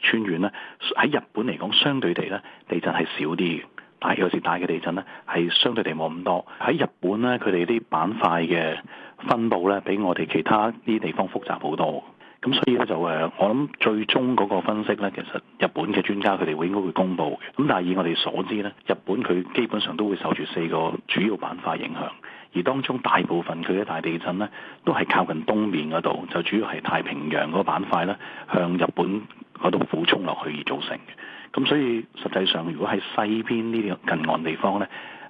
川縣呢喺日本嚟講，相對地呢地震係少啲嘅。但係有時大嘅地震呢係相對地冇咁多。喺日本呢，佢哋啲板塊嘅分布呢，比我哋其他啲地方複雜好多。咁所以呢，就誒，我諗最終嗰個分析呢，其實日本嘅專家佢哋會應該會公布嘅。咁但係以我哋所知呢，日本佢基本上都會受住四個主要板塊影響，而當中大部分佢嘅大地震呢，都係靠近東面嗰度，就主要係太平洋嗰個板塊呢，向日本。嗰度俯衝落去而造成嘅，咁所以實際上，如果喺西邊呢啲近岸地方呢，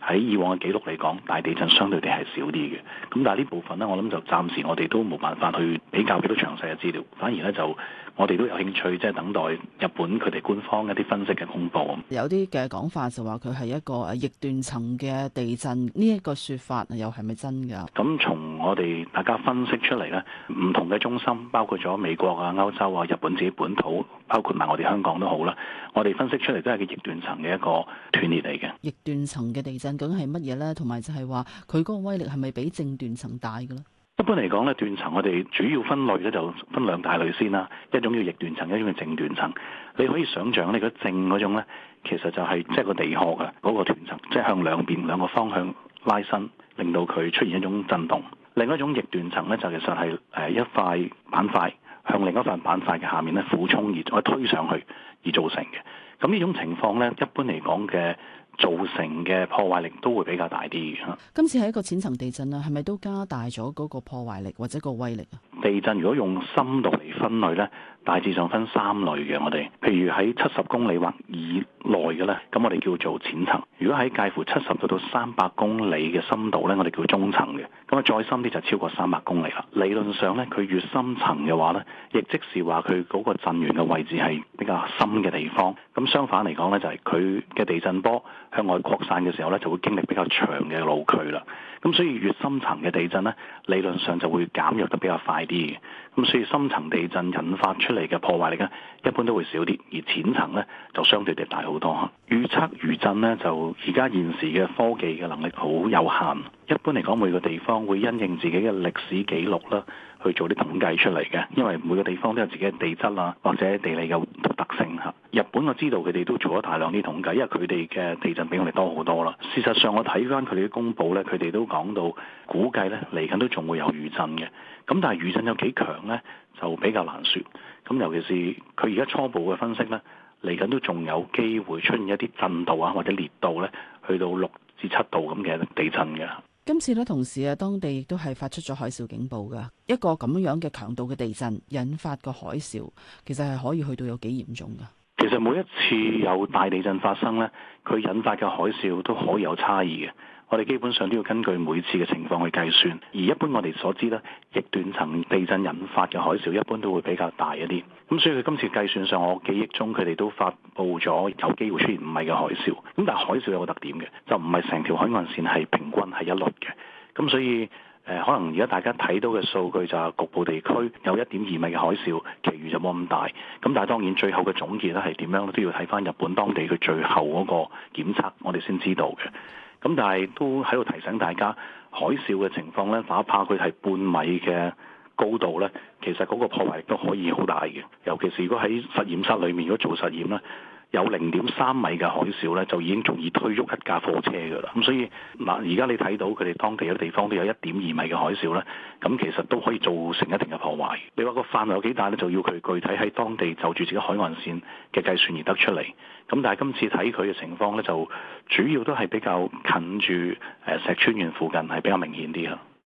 喺以往嘅記錄嚟講，大地震相對地係少啲嘅。咁但係呢部分呢，我諗就暫時我哋都冇辦法去比較幾多詳細嘅資料，反而呢就。我哋都有興趣，即係等待日本佢哋官方一啲分析嘅公布。有啲嘅講法就話佢係一個逆斷層嘅地震，呢一個説法又係咪真㗎？咁從我哋大家分析出嚟呢，唔同嘅中心，包括咗美國啊、歐洲啊、日本自己本土，包括埋我哋香港都好啦。我哋分析出嚟都係個逆斷層嘅一個斷裂嚟嘅。逆斷層嘅地震究竟係乜嘢呢？同埋就係話佢嗰個威力係咪比正斷層大嘅呢？一般嚟講咧，斷層我哋主要分類咧就分兩大類先啦。一種叫逆斷層，一種叫正斷層。你可以想像你個正嗰種咧，其實就係即係個地殼嘅嗰個斷層，即係向兩邊兩個方向拉伸，令到佢出現一種震動。另外一種逆斷層咧，就其實係誒一塊板塊向另一塊板塊嘅下面咧俯衝而推上去而造成嘅。咁呢種情況咧，一般嚟講嘅，造成嘅破壞力都會比較大啲。今次係一個淺層地震啦，係咪都加大咗嗰個破壞力或者個威力啊？地震如果用深度嚟分類呢，大致上分三類嘅。我哋譬如喺七十公里或以。內嘅咧，咁我哋叫做淺層；如果喺介乎七十度到三百公里嘅深度呢，我哋叫中層嘅。咁啊，再深啲就超過三百公里啦。理論上呢，佢越深層嘅話呢，亦即是話佢嗰個震源嘅位置係比較深嘅地方。咁相反嚟講呢，就係佢嘅地震波向外擴散嘅時候呢，就會經歷比較長嘅路距啦。咁所以越深層嘅地震呢，理論上就會減弱得比較快啲嘅。咁所以深層地震引發出嚟嘅破壞力呢，一般都會少啲，而淺層呢，就相對地大好。預測餘震呢，就而家現時嘅科技嘅能力好有限。一般嚟講，每個地方會因應自己嘅歷史記錄啦，去做啲統計出嚟嘅。因為每個地方都有自己嘅地質啦、啊，或者地理嘅獨特性吓。日本我知道佢哋都做咗大量啲統計，因為佢哋嘅地震比我哋多好多啦。事實上，我睇翻佢哋嘅公布呢，佢哋都講到估計呢嚟緊都仲會有餘震嘅。咁但係餘震有幾強呢，就比較難說。咁尤其是佢而家初步嘅分析呢。嚟緊都仲有機會出現一啲震度啊，或者烈度呢去到六至七度咁嘅地震㗎。今次呢，同時啊，當地亦都係發出咗海嘯警報㗎。一個咁樣嘅強度嘅地震引發個海嘯，其實係可以去到有幾嚴重㗎。其實每一次有大地震發生呢，佢引發嘅海嘯都可以有差異嘅。我哋基本上都要根據每次嘅情況去計算，而一般我哋所知呢，逆斷層地震引發嘅海嘯一般都會比較大一啲。咁所以佢今次計算上，我記憶中佢哋都發布咗有機會出現五米嘅海嘯。咁但係海嘯有個特點嘅，就唔係成條海岸線係平均係一律嘅。咁所以誒、呃，可能而家大家睇到嘅數據就係局部地區有一點二米嘅海嘯，其餘就冇咁大。咁但係當然最後嘅總結咧，係點樣都要睇翻日本當地佢最後嗰個檢測，我哋先知道嘅。咁但係都喺度提醒大家，海嘯嘅情況咧，哪怕佢係半米嘅，高度呢，其實嗰個破壞力都可以好大嘅。尤其是如果喺實驗室裏面如果做實驗呢，有零點三米嘅海嘯呢，就已經足以推喐一架貨車噶啦。咁所以嗱，而家你睇到佢哋當地嘅地方都有一點二米嘅海嘯呢，咁其實都可以造成一定嘅破壞。你話個範圍有幾大呢？就要佢具體喺當地就住自己海岸線嘅計算而得出嚟。咁但係今次睇佢嘅情況呢，就主要都係比較近住誒石川縣附近係比較明顯啲嘅。